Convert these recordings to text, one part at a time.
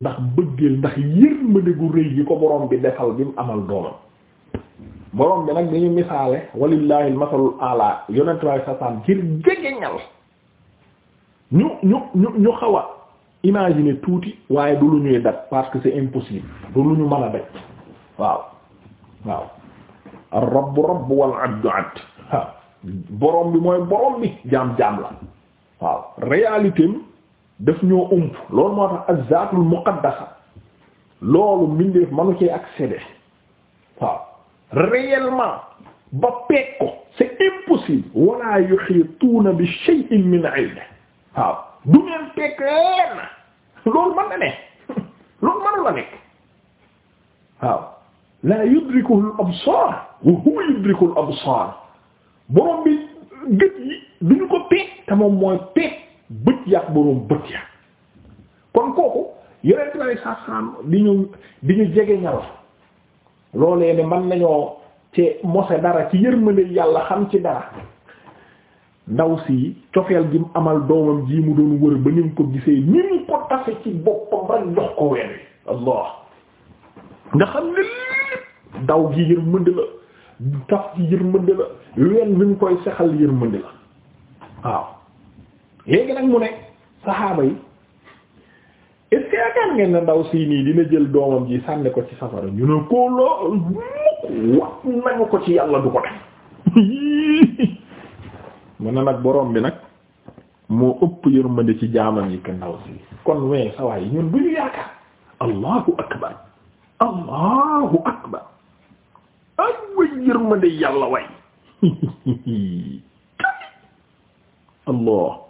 ndax bëggeel ndax yërmande gu rëy gi ko borom bi defal bi mu amal doomam borom bi nag dañu misaale walillahi masalul ala yonent waaye sa saam ngir jegeñal ñu ñu ñu ñu xaw a tuuti waaye du lu ñuy dat parce que c'est impossible du lu ñu mën a daj waaw waaw ar rabbu rabbu wal abdu abd waaw borom bi mooy borom bi jaam jaam la waaw réalité daf ñoo ump loolu moo tax az-zaatul muqaddasa loolu mbindeef manu cee accéder waaw réellement ba peeg ko c'est impossible wala yuhituuna bi shay'in min ilmihi waaw du ngeen peeg lenn loolu mën na ne loolu mënu la nekk waaw la yudrikuhu al-absaar wa huwa yudriku al-absaar borom bi gët yi duñu ko peeg te moom mooy peeg bët yàq boroom bët ya kon kooku yeneen lay sasam di ñu di ñu jege ñal loolee ne mën nañoo ci mose dara ci yërmande yàlla xam ci dara ndaw si cofeel gi amal doomam ji mu doon wër ba ni mu ko gisee ni mu ko tafe ci boppam rek jox ko weer wi allah nga xam ne daw gi yërmande la taf gi yërmande la ween bi koy sexal yërmande waaw léegi nag mu ne saxaaba yi est yaakaar ngeen ne ndaw sii nii dina jël doomam ji sànni ko ci safara ñu ne ko loo mukk wax nañu ko ci yàlla du ko def mu ne nag borom bi nag moo ëpp yërmande ci jaamam yi ka ndaw si kon wee sa waay ñun du ñu yaakaar allahu akbar allahu akbar ay way yàlla way allah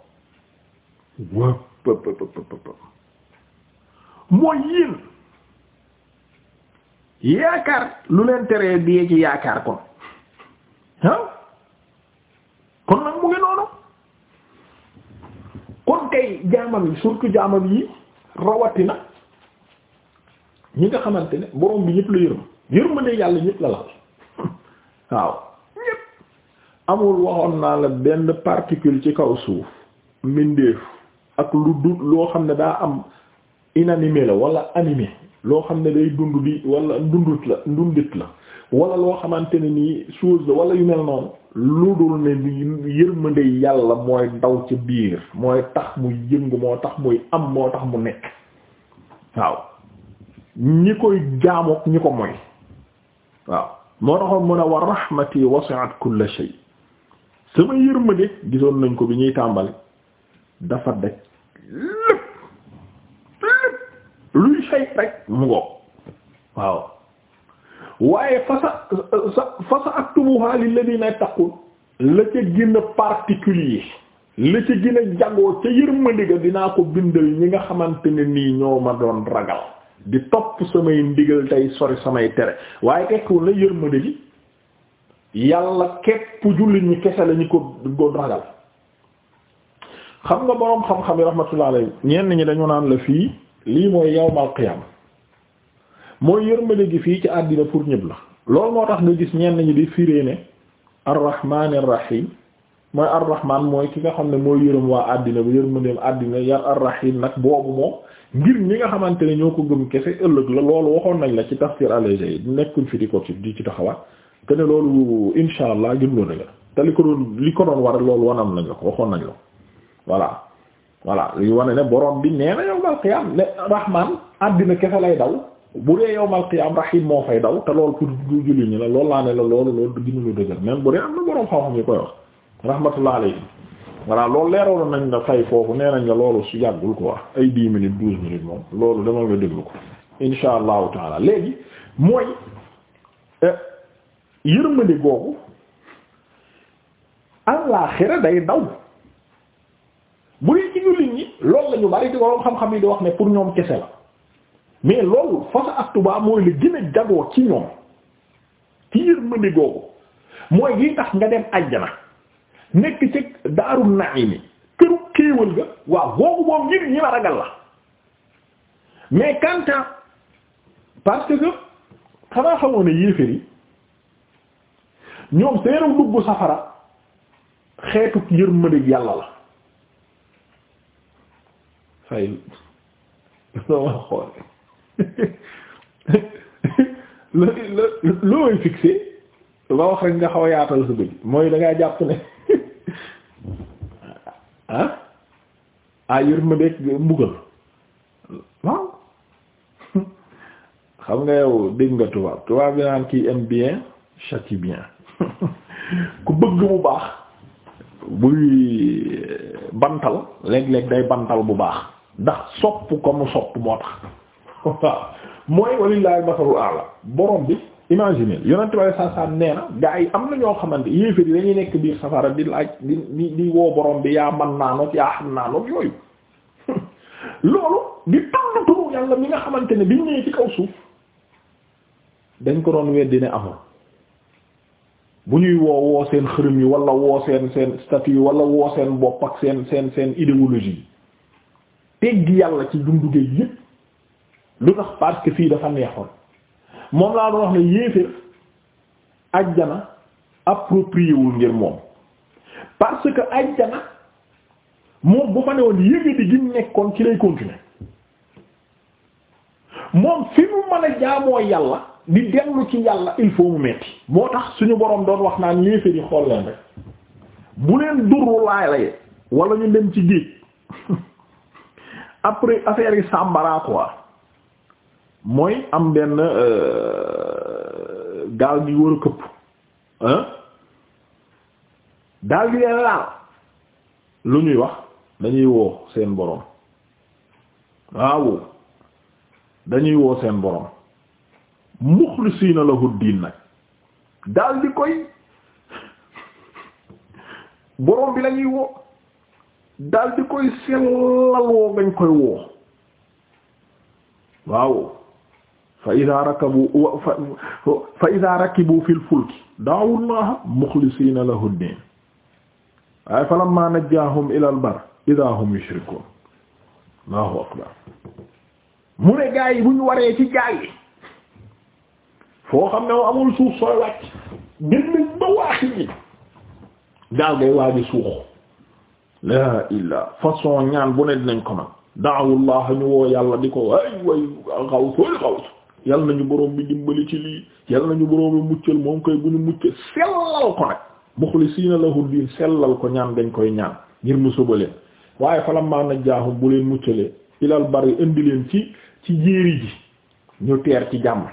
mooy yéen yaakaar lu leen teree dee ci yaakaar kon ah kon nag mu ngi noonu kon kay jaamam yi surtout jaamam yi rawatina ñi nga xamante ne borom bi ñëpp la yërëm yërmande yàlla ñëpp la laal waaw ñëpp amul waxoon naa la benn particule ci kaw suuf mbindeef ak lu du loo xam ne daa am inanimé la wala animé loo xam ne day dund bi wala ndundut la ndundit la wala loo xamante ne nii chose la wala yu mel noonu lu dul ne yërmande yàlla mooy daw ci biir mooy tax mu yëngu moo tax muy am moo tax mu nekk waaw ñi koy jaamook ñi ko moy waaw moo taxoon mun a war rahmati wasi'at kulla shay sama yërmande gisoon nañ ko bi ñuy tàmbali dafa daj lépp lépp luy say rek mu ngoog waaw waaye fa sa fa sa aktubuha lilladina yattaqun la ca gën particulier la ca gën a ca yërmande ga dinaa ko bindal ñi nga xamante ne nii ñoo ma doon ragal di topp samay ndigal tey sori samay tere waaye tekkiwul na yërmande gi yàlla képp jullit ñi kese lañu ko doon ragal xam nga boroom xam-xam yi rahmatullah alayhi ñenn ñi dañu naan la fii lii mooy yawmal qiyam mooy yërmande gi fii ci àddina pour ñëpp la loolu moo tax nga gis ñenn ñi di firee ne arrahmanir rahim mooy arrahman mooy ki nga xam ne mooy yërëm waa àddina bu yërmandeem àddina yar arrahim nag boobu moom ngir ñi nga xamante ne ñoo ko gëm kese ëllëg la loolu waxoon nañ la ci tafsir allégé yi nekkuñ fi di ko ci di ci taxawaat te ne loolu insha allah gën loo dëgg ko doon li ko doon waral loolu ko waxoon nañ la voilà voilà li wane ne borom bi nee na yowmal qiyam ne rahman àddina kese lay daw bu dee yowmal qiyam rahim moo fay daw te loolu pour julli ñi la loolu laa ne la loolu loolu lu dëgër même bu dee am na borom xam-xam yi koy wax rahmatullah alayhi voilà loolu leeroon nañ la fay foofu nee nañ la loolu su yàggul ko wax ay dix minutes douze minutes moom loolu dama nga déglu ko insha allahu taala léegi mooy euh, yërmande googu àllaaxira day daw bu dee ci jullit ñi loolu la ñu bari di waroon xam-xam yi di wax ne pour ñoom kese la mais loolu fasa ak tubaa mooy la gën jagoo ci ñoom ci yërmande googu mooy gi tax nga dem àjjana nekk ci daaru naimi këru kéewal ga waaw boobu moom ngir ñi la ragal la mais quant parce que xanaa xamoon ne yéeféer yi ñoom seenu dugg safara xeetu yërmande yàlla la fay dama xool la la wax rek nga xaw a yaatal sa bëj mooy da jàpp ne ah ah mbugal xam nga yow dégg nga tubaab tubaab bi naan kii aime bien châtie bien ku bëgg bu baax buy bantal léeg-léeg day bantal bu baax ndax sopp ko mu sopp moo tax waaw mooy walillahi masalul a'la borom bi imagine yonent bi saa saa nee na gaa yi am na ñoo xamante yéefar yi dañuy nekk biir safara di laaj di di woo borom bi yaa man naanoog yaa xam naanoog yooyu loolu di tànn turu yàlla mi nga xamante ne bi ñëwee ci kaw suuf dañ ko doon weddi ne amul bu ñuy woo woo seen xërëm yi wala woo seen seen statut yi wala woo seen bopp ak seen seen seen idéologie teggi yàlla ci dundugee yëpp lu tax parce que fii dafa neexoon moom laa doon wax ne yéeféer ajjana approprié wul ngir moom parce que ajjana moom bu fa ne woon yëgadi gi nekkoon ci lay continuer moom fi mu mën jaamoo yàlla di dellu ci yàlla il faut mu metti moo tax suñu boroom doon wax naan yéeféer yi xool leen rek bu leen durru laay laye wala ñu dem ci géej après affaire yi sàmbara quoi mooy am benn euh, gaal gi war a këpp hein leen laal lu ñuy wax dañuy woo seen boroom waaw dañuy woo seen boroom muxlisiina lahu diin nag daal koy boroom bi lañuy woo daal di koy sellal woo ngañ koy woo waaw fa ida rakabu fa ida rakibu fil fulki da'u llaha mukhlisina lahu ddin waaye falamma najjahum ila al bar ida hum yushrikun allahu akbar mu ne gaa yi waree ci gaa yi foo xam ne amul sooy wàcc ngir nit ba waaxi yi daal ngay waaji suux laa illaa façon ñaan bu ne dinañ ko man daawullah ñu woo yàlla di ko ay way xaw sooy xaw yàlla nañu boroom bi dimbali ci lii yàlla nañu boroom bi muccal moom koy bu ñu mucca sellal ko nag muxlisiina lahu diin sellal ko ñaan dañ koy ñaan ngir mu subaleen waaye falammaa najjaahum bu leen muccalee ilal bari indi leen ci ci jéeri ji ñu teer ci jàmm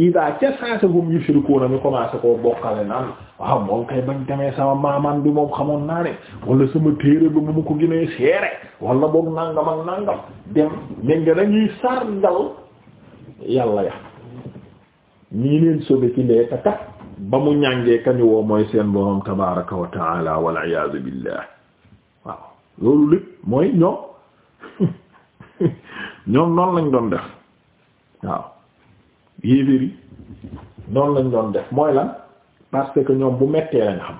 ida ca saasa gum yushrikuuna mi commencé koo bokkale naan waaw moom kay bañ demee sama maaman bi moom xamoon naa ne wala sama téere bi mu ko gënee seere wala boog nangam ak nangam dem dégg nga dañuy sargal yàlla ya ñii leen sobe ci lee takat ba mu ñàngee kañu mooy seen borom tabaraka wa taala wal iyaadu billah waaw loolu lépp mooy ñoom ñoom noonu lañ doon def waaw yéeféri noonu lañ doon def mooy lan parce que ñoom bu mettee lañ xam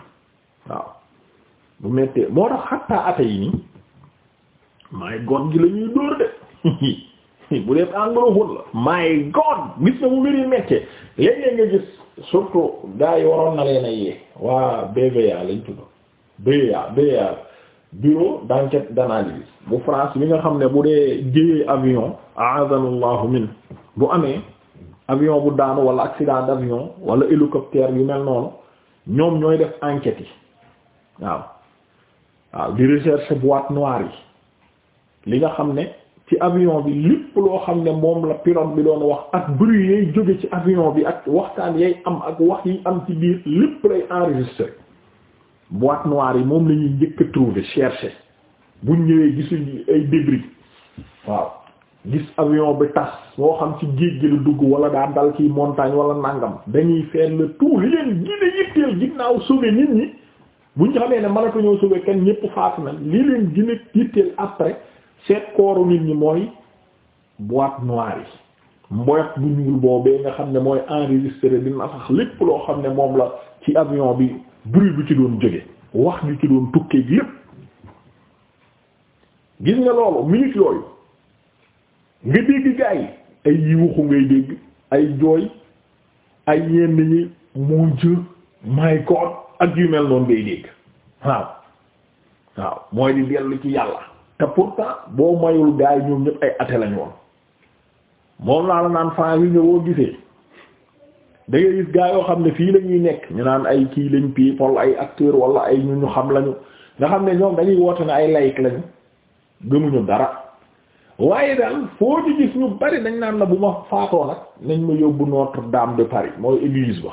waaw bu mettee moo tax xattaa ate yi nii my god gi lañuy dóor de bu dee anglophone la my god gis na mu mbir yi mettee léeg nga gis surtout gars waroon na leen a yee waa BVA lañ tudd BVA BVA bureau d'enquête d'analyse bu France bi nga xam ne bu dee jëyee avion a'adana min bu amee avion bu daanu wala accident d'avion wala hélicoptère yu mel noonu ñoom ñooy def enquête yi waaw waaw di recherche boîte noire yi li nga xam ne ci avion bi lépp loo xam ne moom la pilote bi doon wax ak bruit yay jóge ci avion bi ak waxtaan yay am ak wax yi am ci biir lépp lay enregistré boîte noire yi moom lañuy ñuy njëkk a trouver chercher buñ ñëwee gisuñ ay débris waaw gis avion bi tas moo xam ci géej gi la dugg wala daa dal ci montagne wala nangam dañuy faire le tour li leen gën yitteel ginnaaw sauver nit ñi bu ñu xamee ne mënatuñoo sauver kenn ñépp faatu na li leen gën a yitteel après seet kooru nit ñi mooy boîte noire yi mboyat bu ñuul boobee nga xam ne mooy enregistré dina sax lépp loo xam ne moom la ci avion bi bruit bi ci doon jóge wax ñu ci doon tukkee gi yépp gis nga loolu minute yooyu nga dégg gaa ay yuuxu ngay dégg ay jooy ay yenn ñi mon Dieu my God ak yu mel noonu ngay dégg waaw waaw mooy di dellu ci yàlla te pourtant boo mayul gaa ñoom ñëpp ay athée lañ woon moom laa la naan fan wi nga woo gisee da gis gaa yoo xam ne fii lañuy nekk ñu naan ay kii lañ people ay acteur wala ay ñu ñu xam lañu nga xam ne ñoom dañuy woote ne ay laïc lañu gëmuñu dara waaye daal foo ci gis ñu bari dañ naan la bu ma faatoo nag nañ ma yóbbu Notre-Dame de Paris mooy église ba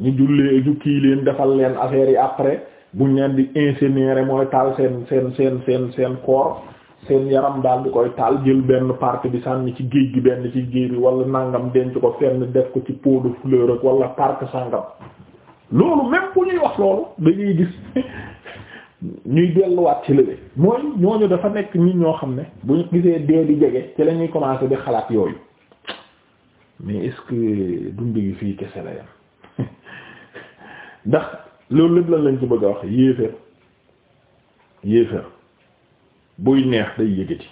ñu jullee ju kii leen defal leen affaire yi après bu leen di insémirer mooy taal seen seen seen seen seen corps seen yaram daal di koy taal jël benn park bi sànni ci géej gi benn ci géej bi wala nangam denc ko fenn def ko ci pot de fleur ak wala parc sangam loolu même bu ñuy wax loolu dañuy gis ñuy delluwaat ci lële mooy ñooñu dafa nekk nit ñoo xam ne bu ñu gisee dee di jege ci lañuy ñuy commencé di xalaat yooyu mais est dund gi fii kese la yam ndax loolu lépp lan lañ ci bëgg a wax yéeféer yéeféer buy neex day yëgati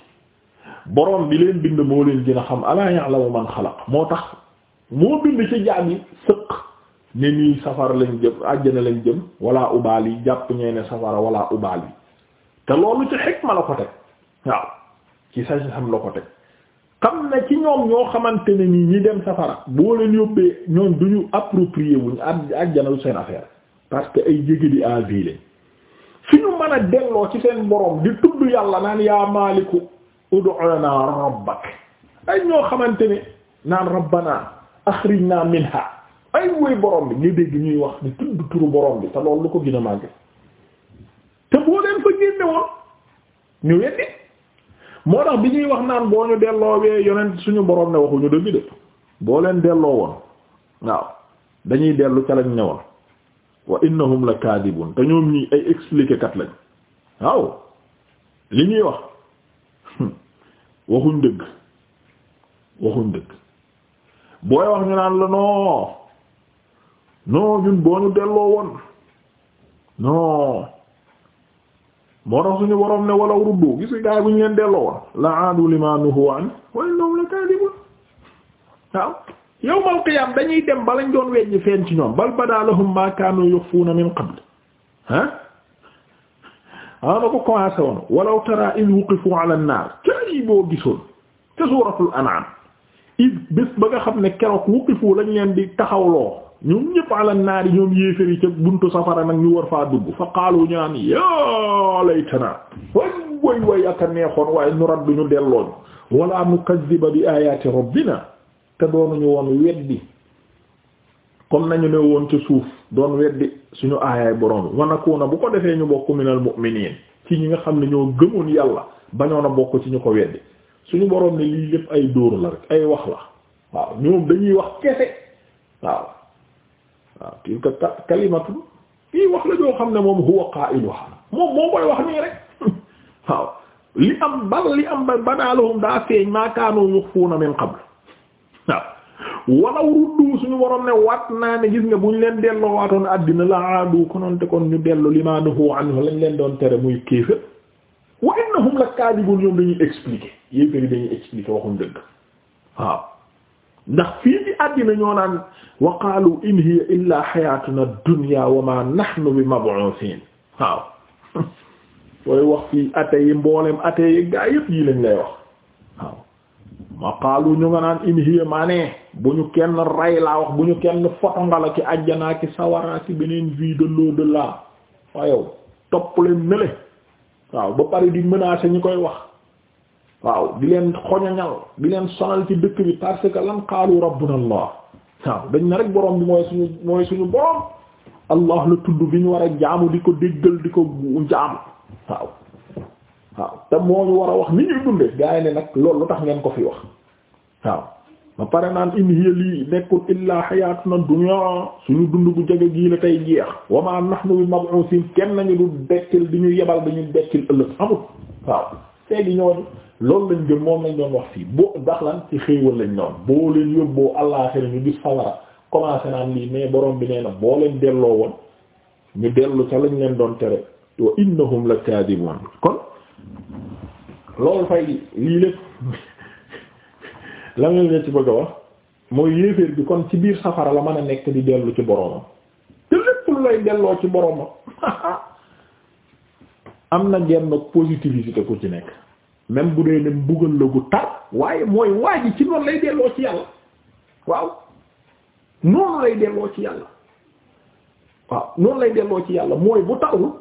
borom bi leen bind moo leen gën a xam alaa ya'lamu man xalaq moo tax moo bind ci jaam yi sëq ne nii safara lañ jëm àjjana lañ jëm wala ubaal yi jàpp ñee ne safara wala ubaal yi te loolu ci xikma la ko teg waaw ci sañ-sañ la ko teg xam ne ci ñoom ñoo xamante ne nii ñi dem safara boo leen yóbbee ñoom du ñu approprié wuñ àjjana du seen affaire parce que ay jéggi di avi fi ñu mën a delloo ci seen borom di tudd yàlla naan yaa maaliku ud'u lana rabbak ay ñoo xamante ne naan rabbana akhrijna minha ay woy borom bi nga dégg ñuy wax di tudd turu borom bi te loolu lu ko gën a te boo leen fa génne woon ñu weddi moo tax bi ñuy wax naan boo ñu delloowee yonent suñu borom ne waxuñu dëgg de boo leen delloo woon waaw dañuy dellu ca lañ ñëwoon wa innahum la kaadibun te ñoom ñi ay expliquer kat lañ waaw li ñuy wax waxuñ dëgg waxuñ dëgg booy wax ñu naan la non non ñun boo ñu delloo woon non moo tax suñu waroom ne walaw ruddu gis nga gaay bu ñu leen delloo woon la aadu lima nuhu an wa innahum lakaadibun waaw yawmal qiyaam dañuy dem ba lañ doon wejj feen ci ñoom bal badaa lahum maa kaanu yukhfuuna min qabl ah waaw na ko commencé woon walaw tara id wuqifu ala an-naar kay boo gisoon ca suuratul an'aam id bés ba nga xam ne keroog wuqifu lañ leen di taxawloo ñoom ñëpp ala naari ñoom yéefér ca buntu safara nag ñu war faa dugg fa qaalu ñu naan yaa laytana way way way aka neexoon waaye nu raddu ñu dellooñu wala nu kaddiba bi ayati rabbina te doonuñu woon weddi comme nañu ne woon ci suuf doon weddi suñu aayaay borom wanakuuna bu ko defee ñu bokk minal mu'miniin ci ñi nga xam ne ñoo gëmoon yàlla bañoon a bokk ci ñu ko weddi suñu boroom ne lii lépp ay dóor la rek ay wax la waaw ñoom dañuy wax kese waaw tilka kalimatu lii wax la joo xam ne moom huwa qaa'iluha moom moo koy wax nii rek waaw li am bal li am badaalahum daa feeñ maa kaanu yukhfuuna min qabl waaw walaw ruddu suñu waroon ne wat naa ne gis nga bu ñu leen delloo waatoon àddina la aadu kononte kon ñu dellu limaa nuhuu anhu lañ leen doon tere muy kéefër wa innahum lakaadibuun ñoom dañuy expliquer yéefér yi dañuy expliquer waxuñ dëgg waaw ndax fii ci àddina ñoo naan wa qaalu illa xayatuna dunya wa ma nahnu bi mab'uthin waaw looy wax fii ate yi mboolem ate yi gaa yëpp yi lañ lay wax waaw ma qaalu ñu nga naan in hiya bu ñu kenn rey laa wax bu ñu kenn fotongala ki ajjanaa ki sawaraa ki beneen vie de l'au-delà waayow topp leen nele waaw ba pare di menacer ñu koy wax waaw di leen xoñoñal di leen sonal ci dëkk bi parce que lan qaalu rabbuna allah waaw dañ na rek borom bi mooy suñu mooy suñu borom allah la tudd bi ñu war a jaamu di ko déggal di ko jaamu waaw waaw te moo ñu war a wax ni ñuy dundee gaa yi ne nag loolu lu tax ngeen ko fi wax waaw ba pare naan in hiya lii nekkul illaa xayaatuna dunya suñu dund bu jege gii la tey jeex wa ma nahnu bi mab'usin kenn nañu du dekkil di ñu yebal dañu dekkil ëllëg amul waaw léegi ñooñu loolu lañ gëm moom lañ doon wax fii boo ndax lan ci xéewal lañ noonu boo leen yóbboo àllaaxira ñu gis sawara commencé naan lii mais borom bi nee na boo leen delloo woon ñu dellu ca lañ leen doon tere wa innahum la kaadibuun kon loolu fay lii lépp la ngeen leen ci bëgg a wax mooy yéeféer bi kon ci biir safara la mën a nekk di dellu ci boromam te lépp lu lay delloo ci boromam am na genn positivité ku ci nekk même bu dee ne mbugal la gu tar waaye mooy waa ji ci noonu lay delloo ci yàlla waaw noonu lay delloo ci yàlla mooy bu tawul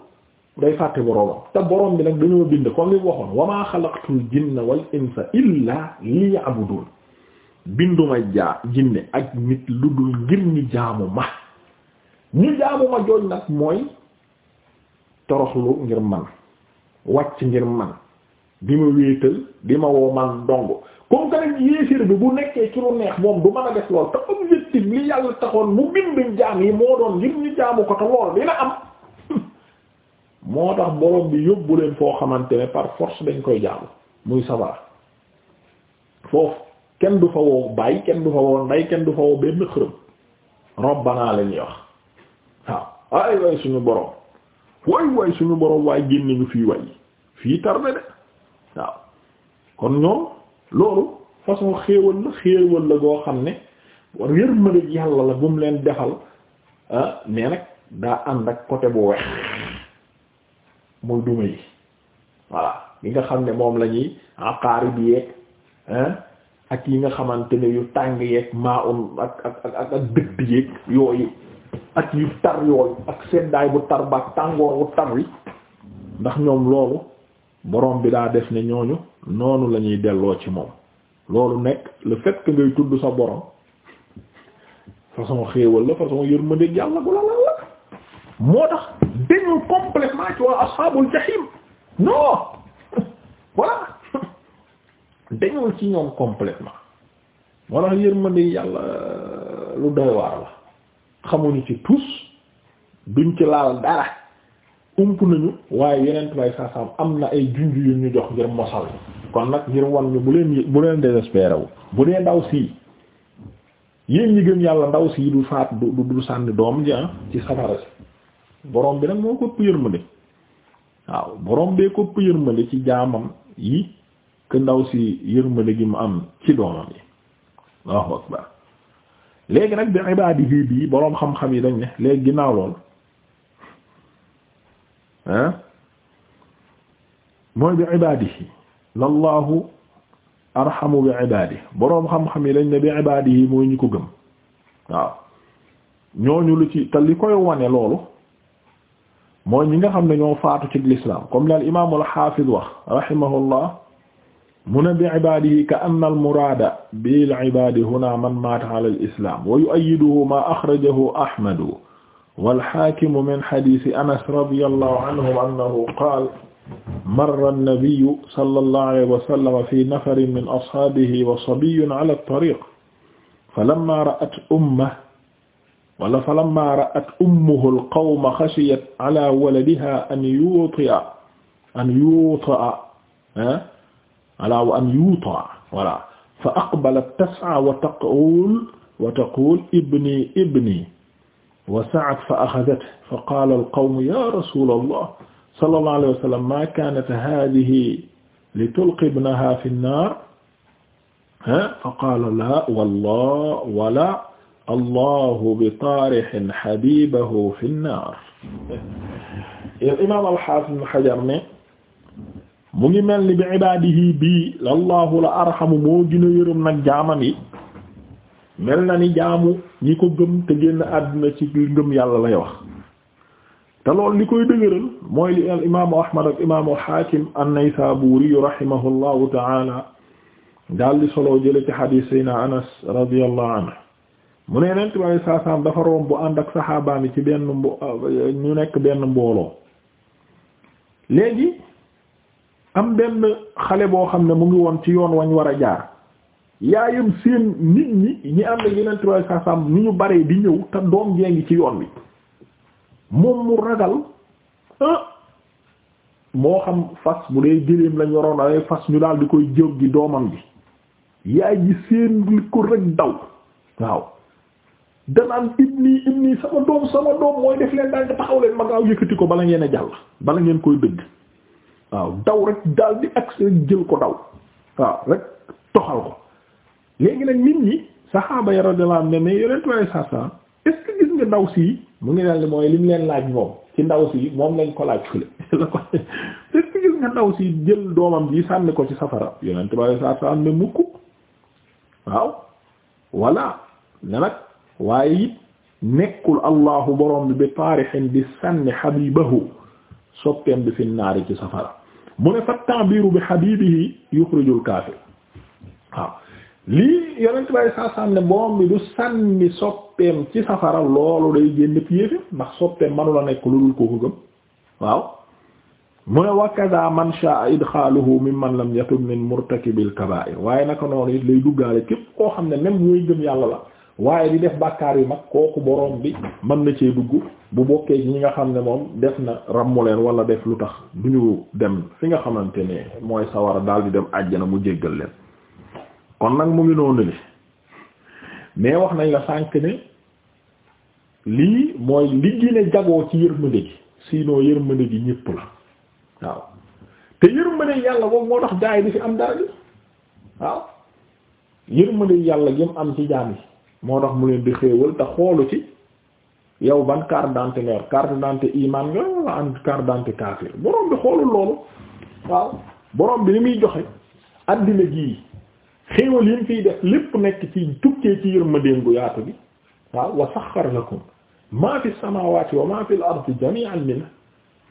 day fàtte boroomam te borom bi nag dañoo bind comme li waxoon wa maa xalaqtul jinna wal insa illa liya'budun binduma jaa jinne ak nit lu dul ngir ñu jaamu ma ñu jaamu ma jooj nag mooy toroxlu ngir man wàcc ngir man di ma wéetal di ma woo man dong comme que nag yéefir bi bu nekkee ci lu neex moom du mën a def lool te objectif li yàlla taxoon mu bind jaam yi moo doon ngir ñu jaamu ko te lool dina am moo tax borom bi yóbbu leen foo xamante ne par force dañ koy jaamu muy safara foofu kenn du fa woo bàyyi kenn du fa woo ndey kenn du fa woo benn xërëm robbana la wax waaw ay way suñu boroom waay waay suñu boroom waay génne ñu fii waay fii tarde de waaw kon ñoom loolu façon xéewal la xéewal la goo xam ne yërmande yàlla la bu leen defal ah nag daa ànd ak côté bu wex muy duma yi voilà yi nga xam ne moom la ñuy aqaari bi yeeg ah ak yi nga xamante ne yu tàng yeeg maa um ak ak ak ak dëgg yeeg yooyu ak yu tar yooyu ak seddaay bu tar ba tàngoor bu tar wi ndax ñoom loolu borom bi daa def ne ñooñu noonu lañuy delloo ci moom loolu nekk le fait ngay tudd sa borom façon xéewal la façon yërmande yàlla bu la la la moo tax dañu complètement ci waa ashabul jahim non voilà moo tax yërmande yàlla lu doy waar la xamuñu ci tus duñ ci laal dara ump nañu waaye yeneen bay saasaam am na ay junj yu ñu jox ngir mosal kon nag ngir won ñu bu leen bu leen désespéré wu bu dee ndaw sii yéen ñi gëm yàlla ndaw sii du faat du du sànni doom ji ah, ci safara si borom bi nag moo ko yërmande waaw borom bee ko yërmande ci jaamam yi que ndaw si yërmande gi mu am ci doomam yi Allahu akbar léegi nag bi ibaadihi bii boroom xam-xam yi dañ ne léegi ginnaaw lool ah mooy bi ibaadihi lallahu arhamu bi ibaadihi boroom xam-xam yi dañ ne bi ibaadihi mooy ñu ko gëm waaw ñu lu ci te li koy wane loolu mooy ñi nga xam ne ñoo faatu ci l'islam comme li al imaamul xaafiz wax rahimahullah mu ne bi ibaadihi ka anna al muraada bil ibaadi huna man maata ala al islaam wa yu'ayyiduhu maa axrajahu ahmadu wal haakimu min hadiisi anas radiyallahu anhum annahu qaala marra nabiyyu sallallahu alayhi wa sallam fi nafarin min ashaabihi wa sabiyyun ala tariiq falammaa ra'at ummahu wala falammaa ra'at ummuhu al qawma xashiyat ala waladihaa an yuuti'a an yuuti'a ah, ala wa an yuta voilà fa aqbalat tas'a wa taqul wa taqul ibni ibni wa sa'at fa axadat fa qaala alqawmu ya rasula allah sallallahu alayhi wa sallam ma kanat hadhihi li tulqi ibnaha fi nnaar fa qaala la wallah wala allahu bi taarixin habibahu fi nnaar al imam al hafiz ibn hajar ne mu ngi mel ni bi ibaadihi bii lallaahu la arhamu moo gën a yërëm nag jaamam yi mel na ni jaamu ñi ko gëm te génn àddina ci ngëm yàlla lay wax te lool li koy dëgëral mooy li al imaamu ahmad ak imaamu hakim an-naysaburi rahimahullahu taala daal di solo jële ci xadiis sayna anas radiyallahu anhu mu ne nent bi saa saam dafa romb ànd ak saxaabaami ci benn mbo ñu nekk benn mbooloo léegi am benn xale boo xam ne mu ngi woon ci yoon wañ war a jaar yaayam seen nit ñi ñi am na yeneen trois cent ni ñu baree di ñëw te doom jee ngi ci yoon bi moom mu ragal ah, moo xam fas bu dee gëléem lañ waroon ay fas ñu daal di koy jóg gi doomam gi yaay ji seen li ko rek daw waaw danaan ibni ibni sama doom sama doom mooy def leen daal nga taxaw leen ma gaaw ko bala ngeen a jàll bala ngeen koy dëgg waaw daw rek daal di agsi rek jël ko daw waaw rek toxal ko léegi nag nit ñi saxaaba ya radiyallahu anhum ne saa saa est-ce si mu ngi dal mooy lim leen laaj moom ci ndaw si moom lañ ko laaj fële est si jël doomam ji sànni ko ci safara yonentu Yàlla saa saa am ne mukk waaw waaye nekkul allahu borom bi bi taarixin bi sànni habibahu soppeem bi fi naari ci safara mu ne fat ta'biru bi habibihi yukhrijul kaafir waaw lii yonent bay saa sànne borom bi du sànni soppeem ci safara loolu day génn piéefi ndax soppeem manula nekk lu dul ko ko gëm waaw mu ne wa kaza man sha'a man mimman lam yatub min murtakibil kabaa'ir waaye naka noonu it lay duggaale képp koo xam ne même mooy gëm yàlla la waaye di def bàkkaar yi mag kooku borom bi mën na cee dugg bu bokkee ñi nga xam ne moom def na ràmmu leen wala def lu tax du ñu dem fi nga xamante ne mooy sawara daal di dem àjjana mu jéggal leen kon nag mu ngi noonu li mais wax nañ la sànk ne lii mooy li gën jagoo ci yërmande gi sinon yërmande gi ñépp la waaw te yërmande yàlla boobu moo tax jaay di fi am dara bi waaw yërmande yàlla gi mu am ci jaam yi moo tax mu leen di xéewal te xoolu ci yow ban carte d'identité nga yor carte d'identité iman nga wala am carte kaafir borom bi xoolul loolu waaw borom bi li muy joxe addina gi xéewal yi mu fiy def lépp nekk ci tukkee ci yërmandeem gu yaatu bi waaw wa saxxara ko maa fi samaawaati wa maa fi al-ardi jami'an minhu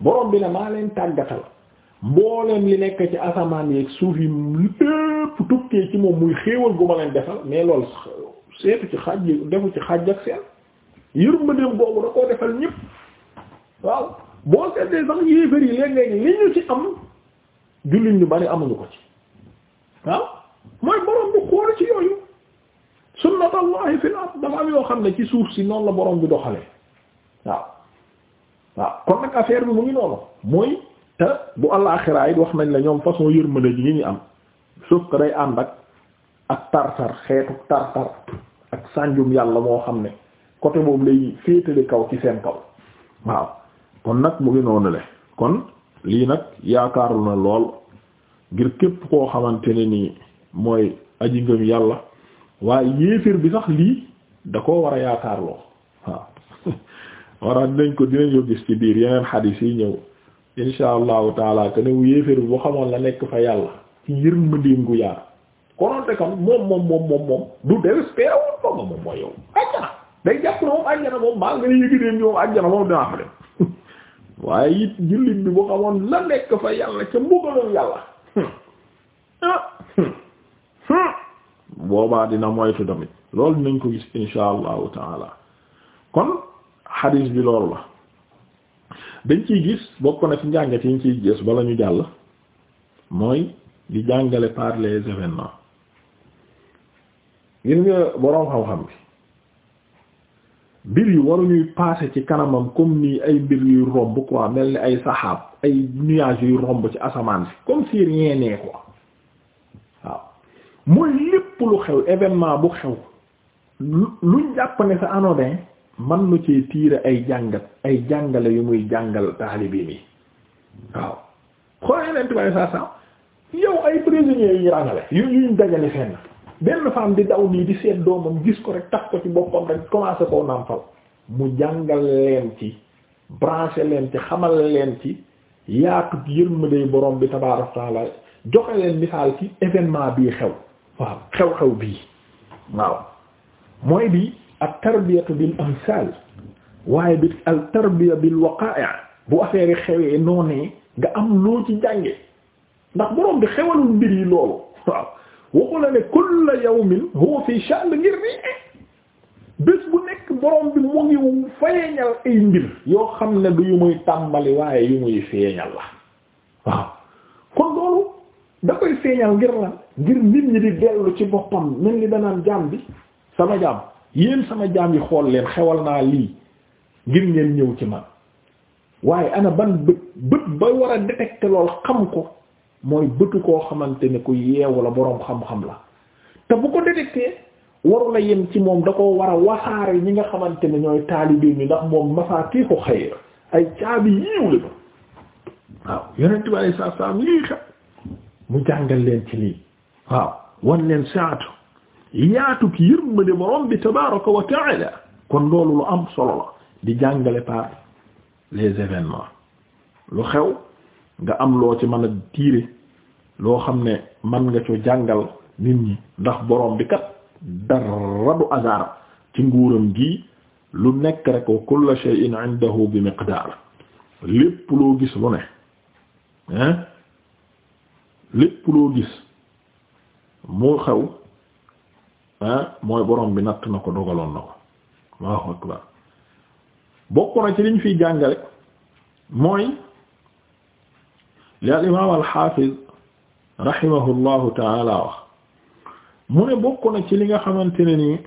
borom bi ne maa leen tàggatal mbooleem li nekk ci asamaan yeeg suuf yi lépp tukkee ci moom muy xéewal gu ma leen defal mais loolu seetu ci xaj defu ci xaj ak seen yërmandeem boobu da koo defal ñëpp waaw boo seetee sax yéefar yi léeg li ñu ci am jullit ñu bari amuñu ko ci waaw mooy borom bu xool ci yooyu sunnatallahi fil dafa am yoo xam ne ci suuf si noonu la borom bi doxalee waaw waaw kon nag affaire bi mu ngi noonu mooy te bu àllaaxira it wax nañ la ñoom façon yërmande ji ngi ñu am sauf que day ànd ak ak tartar xeetu tartar ak sànjum yàlla moo xam ne côté boobu lay féetale kaw ci seen kaw waaw kon nag mu ngi noonu le kon lii nag yaakaarul na lool ngir képp koo xamante ne nii mooy aji ngëm yàlla waaye yéeféer bi sax lii da koo war a yaakaarloo waaw wara dinañ ko dinañ ko gis ci biir yeneen xadiis yi ñëw insha allahu taala que ne yéeféer bi boo xamoon la nekk fa yàlla ci yërmandeem gu yaar konoonte kon moom moom moom moom moom du désespéré woon ko moom mooy yow ajjana day jàpp ne moom ajjana moom maa nga yëgi déen ñoom ajjana moom dinaa fa dem waaye it jullit bi bu xamoon la nekk fa yàlla ca mbugaloon yàlla boobaa dina moytu tamit loolu dinañ ko gis insha allahu taala kon xadiis bi loolu la dañ ciy gis bokk na ci njàngat yi ñu ciy gis bala ñu jàll mooy di jàngale par les événements ngir nga boroom xam-xam bi mbir yi waruñuy passer ci kanamam comme nii ay mbir yuy romb quoi mel ni ay saxaab ay nuages yuy romb ci asamaan si comme si rien n'est waaw mooy lépp lu xew événement bu xew lu jàpp ne sa anodin man na ci tiire ay jàngat ay jàngale yu muy jàngal taalibe mi waaw xool yeneen tubaab yi saa saa yow ay prisonniers yu ñu rangale yu ñu dajale fenn. benn femme di daw nii di seet doomam gis ko rek tax ko ci boppam rek commencé koo nàmpal mu jàngal leen ci branché leen ci xamal leen ci yaatu yërmande borom bi tabaaraka taala joxe leen misaal ci événement bii xew waaw xew-xew bii waaw mooy bi ak tarbiyatu bil amsal waaye bi al tarbiya bil waqa'i bu affaire yi xewee noonee nga am loo ci jànge ndax borom bi xewalul mbir yi loolu waaw ko la ne kulla yawmin huwa fi sha'n ngir bii bés bu nekk borom bi mu ngi feeñal ay mbir yoo xam ne du yu muy tàmbali waaye yu muy feeñal la waaw kon loolu da feeñal ngir lan ngir nit ñi di dellu ci boppam mel ni danaan jaam bi sama jaam yéen sama jaam yi xool leen xewal naa lii ngir ngeen ñëw ci man waaye ana ban bët bët ba war a détecter lool xam ko mooy bëtu koo xamante ne ku yeewu la boroom xam-xam la te bu ko détecté warula yem ci moom da koo war a waxaare ñi nga xamante ni ñooy taalibe ni ndax moom mafaatiixu xayr ay caabi yiiw la waaw yonent bi alayhi salaatu salaam lii xew mu jàngal leen ci lii waaw wan leen saatu yaatu ki yërmande boroom bi tabaaraka wa ta'aala kon loolu lu am solo la di jàngale par les événements lu xew nga am loo ci mën a tiire loo xam ne man nga co jàngal nit ñi ndax boroom bi kat dara du hasard ci nguuram gi lu nekk rek wa kullu shay'in 'indahu bi miqdaar lépp loo gis lu ne hein lépp loo gis mu xew hein mooy boroom bi natt na ko dogaloon na ko Allahu akbar bokk na ci liñ fiy jàngale mooy li al imaam al xaafiz rahimahullahu taala wax mu ne bokk na ci li nga xamante ne nii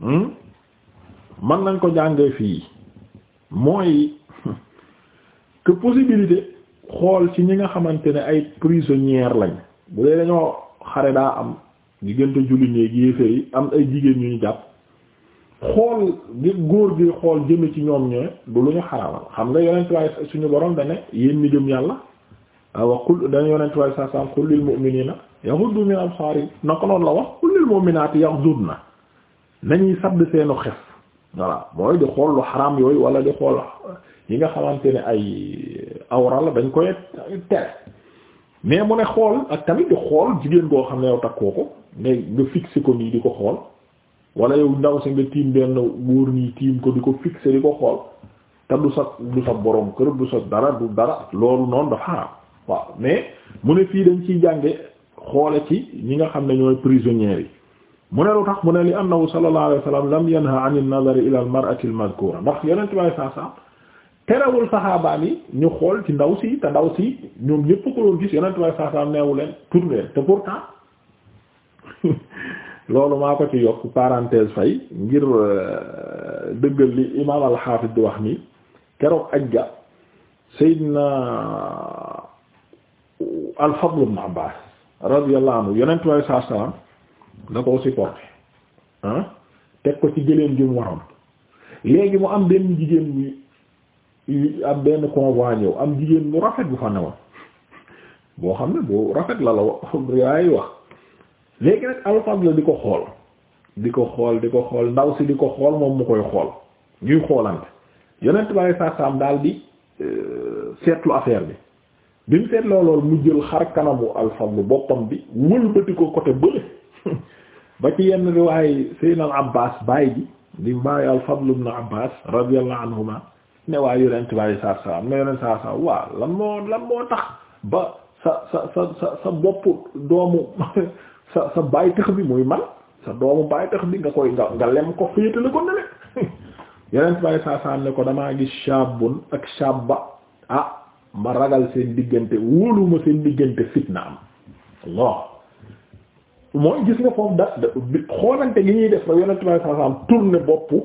hmm, man nañ ko jàngee fii mooy que possibilité xool ci ñi nga xamante ne ay prisonnières lañ bu dee dañoo xare daa am diggante jullit ñeek yéefar yi am ay jigéen ñu ñu jàpp xool gi góor gi xool jëme ci ñoom ñooy du lu ñu xaraamal xam nga yonent waaye suñu borom da ne yéen ñi yàlla Ah, wa qul dañ yonent waaye saa saa na lil mu'minina yaghuddu min absaari naka noonu la wax qul lil mu'minaati na nañuy sàdd seenu xef voilà mooy di xool lu xaraam yooyu wala di xool yi nga xamante ne ay awra la dañ koy tere mais mu ne xool ak tamit di xool jigéen boo xam ne yow takkoo ko nga nga fixé ko nii di ko xool walla yow ndaw si nga tiim benn góor nii tiim ko di ko fixé di ko xool te du sa du sa borom kër du sa dara du dara loolu noonu waaw mais mu ne fii dañ ciy jànge xoole ci ñi nga xam ne ñooy prisonniers yi mu ne lu tax mu ne li annahu sallallahu alayhi wa sallam lam yanha an an-nazar ila al-mar'ati al-madhkura ndax yonent may saa terewul saxaabaan yi ñu xool ci ndaw si te ndaw si ñoom ñépp ko doon gis yonent may saa saa neewu leen tourné te pourtant loolu maa ko ci yokk parenthèse fay ngir euh, dëggal li imaam al-Hafiz di wax nii keroog ajja na al-Fadl ibn Abbas radiyallahu anhu yonent bi saa salaam da koo supporté ah, teg ko ci gëléem gi mu waroon léegi mu am benn jigéen bi am benn convoi ñëw am jigéen bu rafet bu fa newoon boo xam ne bu rafet la la yaay wax léegi nag al la di ko xool di ko xool di ko xool ndaw si di ko xool moom mu koy xool ñuy xoolante yonent saa salaam daal di euh, seetlu affaire bi. bi mu seetloo lool mu jël xar kanamu alfadlu boppam bi wëlbati ko côté bële ba ci yenn riwaay Seydina Abbas baay ji di baay alfadlu ibn Abbas radiyallahu anhuma ne waa yonent ne waa lan moo lan moo tax ba sa sa sa sa sa doomu sa sa koy nga nga lem ko ko ne le yonent bi alayhi ne ko damaa gis shaabun ak shaabba ah. ma ragal seen diggante wóoluma seen diggante fitna am Allah mooy gis nga foofu da da xoolante gi ñuy def ba yonent bi saa saam tourné boppu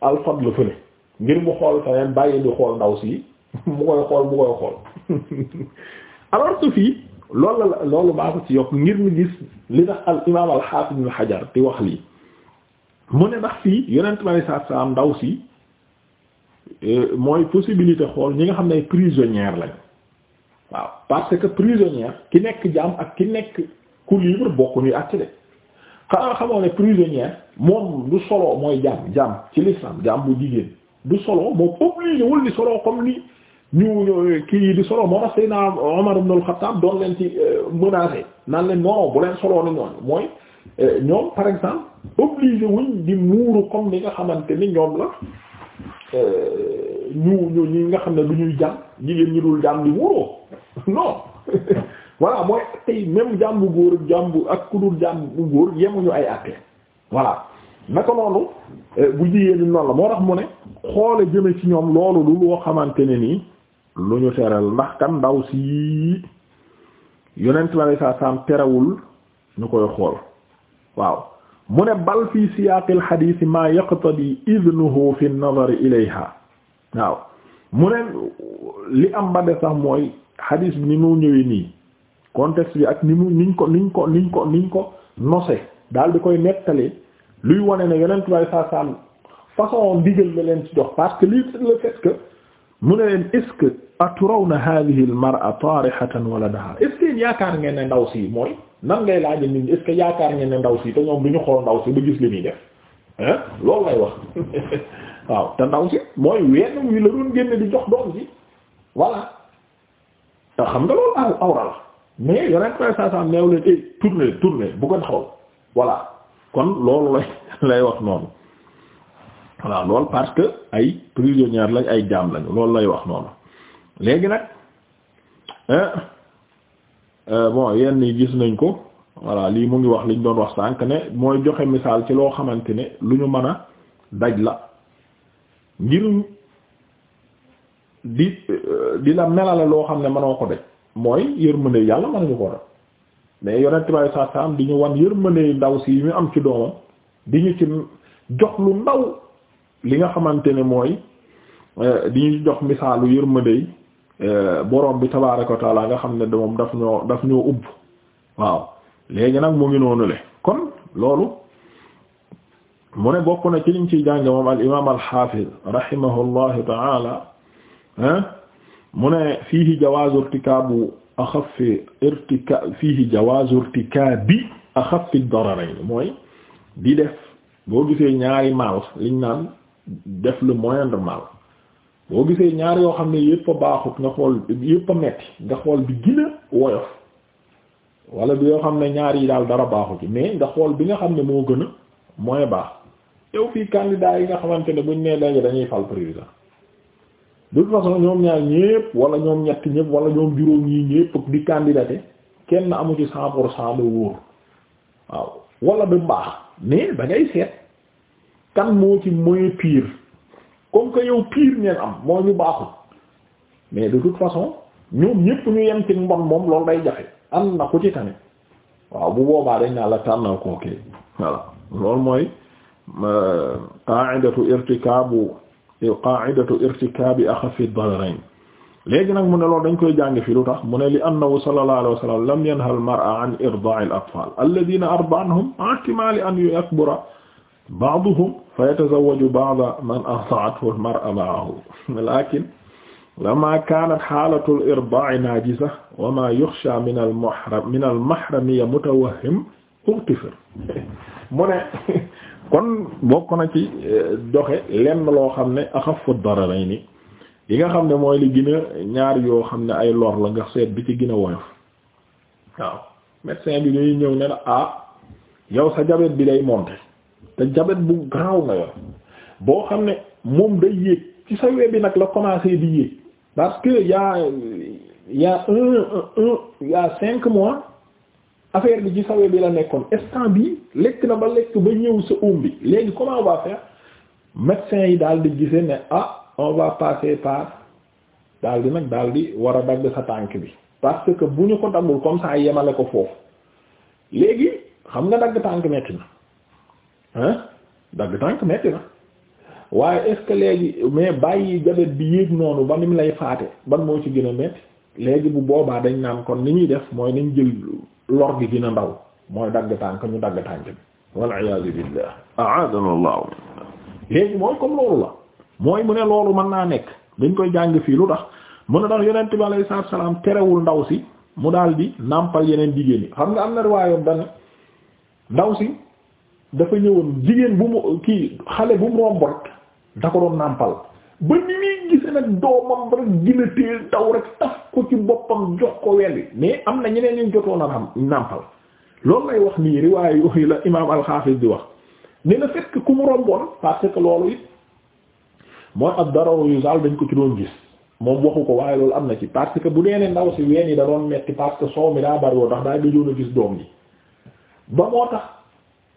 alfadlu fële ngir mu xool feneen bàyyi di xool ndaw si mu koy xool mu koy xool alors que fii loolu la loolu maa ko ci yokk ngir mi gis li tax al imaam al xaafis ibn Hajar di wax lii mu ne ndax fii yonent bi saa am ndaw si. Euh, mooy possibilité xool ñi nga xam ne ay prisonnière lañ waaw parce que prisonnière ki nekk jaam ak ki nekk ku libre bokkuñu àtte de xanaa xamoo ne prisonnière moom du solo mooy jaam jaam ci l'islam jaam bu jigéen du solo moom obligé wul di solo comme ni ñu kii di solo moo tax Seydina Omar ibn al-Khattab doon leen ci euh, menacé naan leen non bu leen soloo ni ñoon mooy euh, ñoom par exemple obligé wuñ di muuru comme ni nga xamante ni ñoom la Euh, ñu ñu ñi nga xam ne du ñuy jàm jigéen ñi dul jàm di wóoroo non voilà mooy tey même jàm bu góor ak ak ku dul jàm bu góor yemuñu ay àtte voilà naka noonu euh, bu jigéen ñi noonu la moo tax mu ne xoole jëme ci ñoom loolu lu loo xamante ne nii lu ñu teral ndax kan ndaw si yonent bi alei saa salam terewul ñu koy xool waaw mu ne bal fi siyaaqil xadiis maa yaqtadi idnuhu fi an-nazar ilayha waaw mu ne li am ba de sax mooy xadiis bi ni mu ñëwee nii contexte bi ak ni mu niñ ko niñ ko niñ ko niñ ko nose daal di koy nettalee luy wane ne yeneen tubaab saa saa façon digal la leen ci jox parce que lii le fait que mu ne leen est-ce que aturawna hadhihi al-mar'a tarihatan waladaha est-ce que yaakaar ngeen ne ndaw si mooy. nan ngay laaj nit ñi est yaakaar ngeen ne ndaw si te ñoom lu ñu xool ndaw si ba gis li muy def hein loolu lay wax waaw te ndaw si mooy wenn wi la doon génne di jox doom si voilà te xam nga loolu awra la mais yonent eh, xaw voilà kon loolu lay lay wax noonu voilà loolu parce que ay prisonniers lañ ay jaam lañu loolu lay wax noonu léegi nag Euh, bon yenn yi gis nañ ko voilà lii mu ngi wax liñ doon wax sànq ne mooy joxe misaal ci loo xamante ne lu ñu man a daj la ngir di euh, di la melale loo xam ne mënoo ko daj mooy yërmande yàlla mën nañu ko def mais yonent bi saa saam di ñu wan yërmande ndaw si yi ñu am ci doomam di ñu ci jox lu ndaw li nga xamante ne mooy euh, di ñu jox misaalu yërmande yi Euh, borom bi tabaaraka wa taala nga xam ne da moom daf ñoo daf ñoo ubb waaw léegi nag mu ngi noonu le kon loolu mu ne bokk na ci liñ ciy jànge moom al imaam al xaafiz rahimahullahu taala mu ne fiihi jawaazu irtikaabu axaffi irtika fiihi jawaazu irtikaabi axaffi dararayn mooy di def boo gisee ñaari mal liñ naan def le moindre mal boo gisee ñaar yoo xam ne yépp a baaxut nga xool yépp a metti nga xool bi gën a woyof wala bi yoo xam ne ñaar yi daal dara baaxu ci mais nga xool bi nga xam ne moo gën a mooy baax yow fii candidat yi nga xamante ne buñ nee léegi dañuy fal président de toute façon ñoom ñaar ñépp wala ñoom ñett ñépp wala ñoom juróom ñii ñépp di candidaté kenn amu ci cent pour cent de wóor waaw wala du baax mais da seet kan moo ci moyen pire comme que yow pire ngeen am moo ñu baaxul mais de toute façon ñoom ñépp ñu yem moom loolu day jafe am na ku ci tamit waaw bu boobaa dañ naa la tànnal kookee voilà loolu mooy qa'idatu irtikabu qa'idatu irtikabi axafi dararayn léegi nag mu ne loolu dañ koy jàng fi lu tax mu ne li annahu sallallahu alayhi wa sallam lam yanha al mar'a an irda'i al atfal alladhina arda'nahum ihtimali an yakbura ba'duhum fa yatazawwaju ba'da man ata'athu al-mar'a ma'ahu lakin lamma kaanat haalatu al-irdaa'i naajisa wa maa yukhshaa min al-mahram min al mu ne kon bokk na ci eh, doxe lenn loo xam ne axaffu ad-dararayni yi nga xam ne mooy li gën ñaar yoo xam ne ay lor la nga seet bi ci gën a woyof waaw médecin bi dañuy ñëw ne la ah yow sa jabet bi day monter te jabet bu gaaw nga yor boo xam ne moom day yéeg ci sa bi nag la commencé di yéeg parce que y'a y'a un un y'a cinq mois affaire bi ci sa bi la nekkoon instant bi lekk na ba lekk ba ñëw sa um bi léegi comment on va faire médecin yi daal di gisee ne ah on va passer par daal di nag daal di war a dagg sa tànk bi parce que bu ñu ko daggul comme ça yemale ko foofu léegi xam nga dagg tànk metti na hein dagg tànk metti na waaye est léegi mais bàyyi jabet bi yéeg noonu ba ni mu lay faate ban moo ci gën a léegi bu boobaa dañ naan kon ni ñuy def mooy nañ jël lor gi dina ndaw mooy dagg tànk ñu dagg tànk bi wal iyaazu billah a'aadana allah léegi mooy comme loolu la mooy mu ne loolu mën naa nekk dañ koy jàng fii lu tax mu ne tax yonent bi alayhi salaatu salaam terewul ndaw si mu daal di nàmpal yeneen jigéen yi xam nga am na riwaayoon dana ndaw si dafa ñëwoon jigéen bu mu kii xale bu mu romb rek da ko doon nàmpal ba ni muy gise nag doomam rek gina téel taw rek taf ko ci boppam jox ko welli mais am na ñeneen ñu jotoon a am nàmpal loolu lay wax nii riwaay yooyu la imaam alxaafis di wax ne na fekk ku mu romboon parce que loolu it mooy ab dararu yu sal dañ ko ci doon gis moom waxu ko waaye loolu am na ci parce que bu neenee ndaw si ween yi da doon metti parce que soow mi daa bari woon ndax daa gëjoon a gis doom ji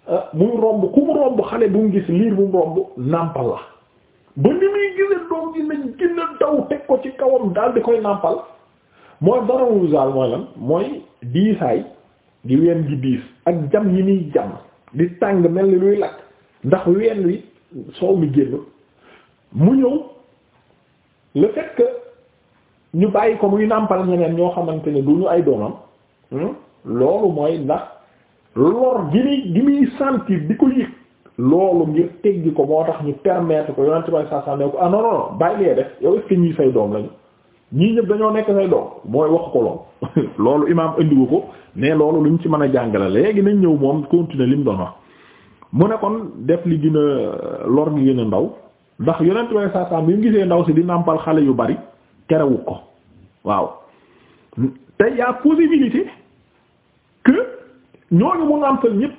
Euh, muy romb ku mu romb xale bu mu gis liir bu mu romb nàmpal la ba ni muy gise doom ji nañ gën daw teg ko ci kawam daal di koy nàmpal mooy darawu zaal mooy lan mooy diisaay gi ween gi diis ak jam yi muy jam di tàng mel ni luy lakk ndax ween wi soow mi génn mu ñëw le fait que ñu bàyyi ko muy nàmpal ñeneen ñoo xamante ni du ñu ay doomam hmm? loolu mooy ndax lor gi muy gi muy sentir di ko yëg loolu ngir teggi ko moo tax ñu permettre ko yonent bay saa saa ne ko ah non non non bàyyi lee def yow est-ce que say doom lañu ñii ñëpp dañoo nekk say doom mooy wax ko loolu loolu imaam indiwu ko mais loolu lu ñu ci mën a jàngale léegi nañ ñëw moom continuer li mu doon wax mu ne kon def li gën a lor gi gën a ndaw ndax yonent bay saa saa bi ngi gisee ndaw si di nàmpal xale yu bari terewu ko waaw te y a ñooñu mu nàmpal ñëpp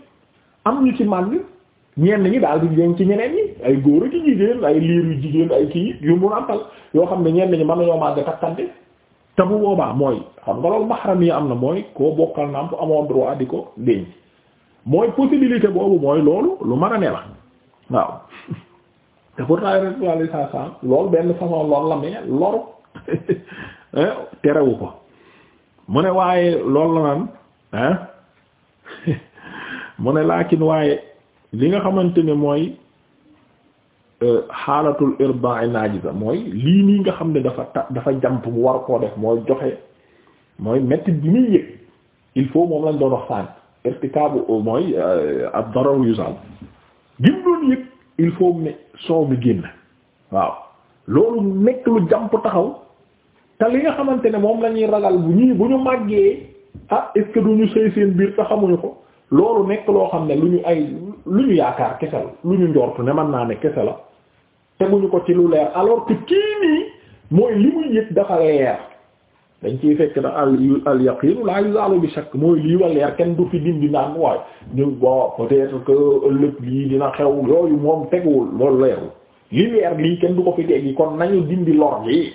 am ñu ci màgg ñenn ñi daal di denc ci ñeneen ñi ay góor ak jigéen ay liir yu jigéen ay kii yu mu nàmpal yoo xam ne ñeen ñi mën nañoo màgg takkante te bu boobaa mooy xam nga loolu mahram yi am na mooy koo bokkal nàmp amoon droit di ko denc mooy possibilité boobu mooy loolu lu mën a ne la waaw te pourtant retourné saa saa loolu benn façon loolu la mais loru eh, terewu ko mu ne waaye loolu la naan ah. mu ne laakin waaye li nga xamante ne mooy euh, xaalatul irba'i naajiza mooy lii nii nga xam ne dafa ta dafa jàmp mu war koo def mooy joxe mooy métti bi muy yëg il faut moom lañ doon wax sànq irtikaabu mooy euh, ab darar yuzal gim doon yëg il faut ne soow bi génn waaw loolu nekk lu jàmp taxaw te li nga xamante ne moom la ñuy ragal bu ñuy bu ñu màggee ah est ce du ñu sëy seen biir te xamuñu ko loolu nekk loo xam ne lu ñu ay lu ñu yaakaar kese la lu ñu njortu ne man naa ne kese la teguñu ko ci lu leer alors que kii nii mooy li muy yëg dafa leer dañ ciy fekk na al al yaqinu la bi shakk mooy lii wa leer kenn du fi dindi naan waaye ñu bon peut que ëllëg lii dina xew yooyu moom teguwul loolu leerul li leer lii kenn du ko fi teggi kon nañu dindi lor lii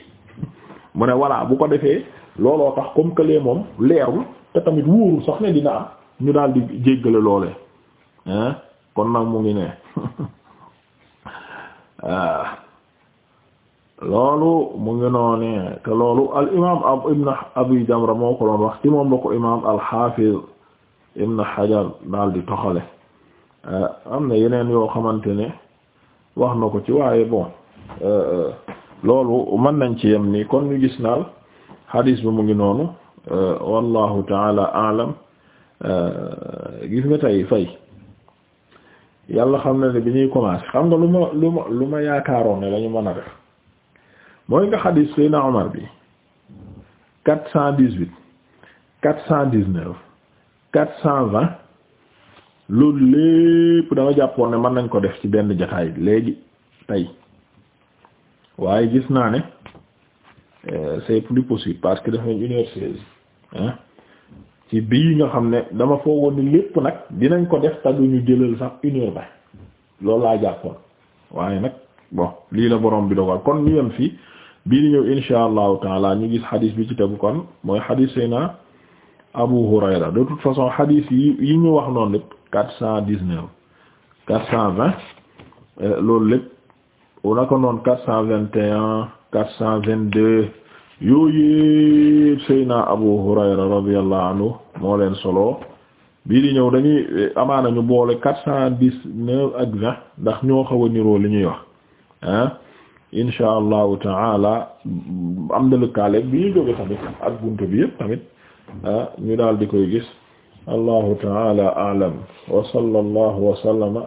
mu ne voilà bu ko defee looloo tax comme que lee moom leerul te tamit wóorul sax ne dina ñu daal di jéggale loole kon nag mu ngi ne ah. loolu mu ngi noone te loolu al imaam ab ibn abi jamra moo ko doon wax ci moom la ko imaam al xaafiz ibn xajar daal toxale ah, am na yeneen yoo xamante ne wax na ko ci waaye bon ah, loolu mën nañ ci yem nii kon ñu gis naal xadiis bi mu ngi noonu wallahu taala alam Euh, gis nga tey fay yàlla xam na ne bi ñuy commencé xam nga lu ma lu ma lu ma yaakaaroon ne lañu ñu a def mooy nga xadiis Seydina Omar bi quatre cent dix-huit quatre cent dix-neuf quatre cent vingt loolu lépp dama jàppoon ne mën nañ ko def ci benn jataay léegi tey waaye gis naa ne euh, c'est plus possible parce que def nañ une ci bii nga xam ne dama foogoon ni lépp nag dinañ ko def te duñu jëlal sax une heure ba loolu laa jàppoon waaye nag bo lii la borom bi dogal kon ñu yem fii bii di ñëw insha allahu taala ñu gis xadis bi ci tegu kon mooy xadis sayna Abu Hurayra de toute façon xadis yi yi ñu wax noonu lépp quatre cent dix-neuf quatre cent vingt euh, loolu lépp ko noonu quatre cent vingt un quatre cent vingt-deux yooyu yëpp Seyna Abu Hurayra radiyallahu anhu moo solo bii di ñëw dañuy amaana ñu boole quatre cent dix-neuf ak ndax ñoo xaw a niroo li ñuy wax ah insha allahu taala am na lëkkaaleeg bi ñu a tamit ak buntu bi tamit ñu daal di koy gis allahu taala a'lam wa sallallahu wa sallama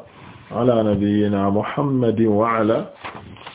ala nabiyyina muhammadin wa ala